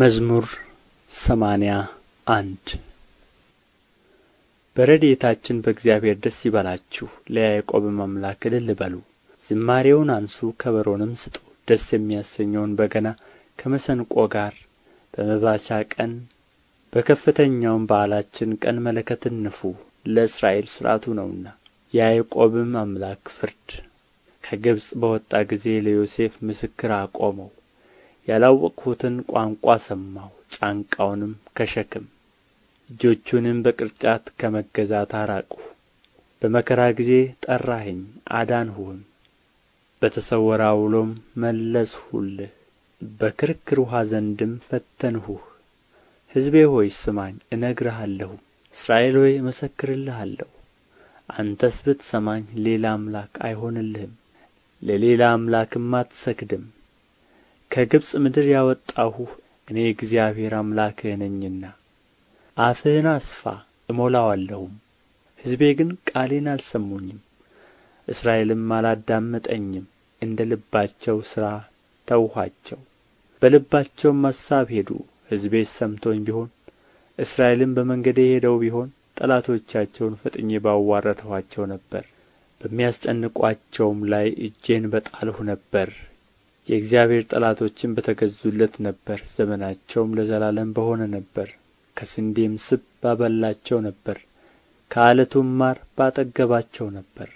መዝሙር ሰማንያ አንድ በረድኤታችን በእግዚአብሔር ደስ ይበላችሁ፣ ለያዕቆብም አምላክ እልል በሉ። ዝማሬውን አንሱ፣ ከበሮንም ስጡ፣ ደስ የሚያሰኘውን በገና ከመሰንቆ ጋር በመባቻ ቀን በከፍተኛውም በዓላችን ቀን መለከትን ንፉ። ለእስራኤል ሥርዓቱ ነውና የያዕቆብም አምላክ ፍርድ። ከግብጽ በወጣ ጊዜ ለዮሴፍ ምስክር አቆመው። ያላወቅሁትን ቋንቋ ሰማሁ ጫንቃውንም ከሸክም እጆቹንም በቅርጫት ከመገዛት አራቅሁ በመከራ ጊዜ ጠራኸኝ አዳንሁህም በተሰወረ አውሎም መለስሁልህ በክርክር ውኃ ዘንድም ፈተንሁህ ሕዝቤ ሆይ ስማኝ እነግርሃለሁ እስራኤል ሆይ እመሰክርልሃለሁ አንተስ ብትሰማኝ ሌላ አምላክ አይሆንልህም ለሌላ አምላክም አትሰግድም ከግብፅ ምድር ያወጣሁህ እኔ እግዚአብሔር አምላክህ ነኝና አፍህን አስፋ እሞላዋለሁም ሕዝቤ ግን ቃሌን አልሰሙኝም እስራኤልም አላዳመጠኝም እንደ ልባቸው ሥራ ተውኋቸው በልባቸውም አሳብ ሄዱ ሕዝቤ ሰምቶኝ ቢሆን እስራኤልም በመንገዴ ሄደው ቢሆን ጠላቶቻቸውን ፈጥኜ ባዋረድኋቸው ነበር በሚያስጨንቋቸውም ላይ እጄን በጣልሁ ነበር የእግዚአብሔር ጠላቶችም በተገዙለት ነበር ዘመናቸውም ለዘላለም በሆነ ነበር ከስንዴም ስብ ባበላቸው ነበር ከዓለቱም ማር ባጠገባቸው ነበር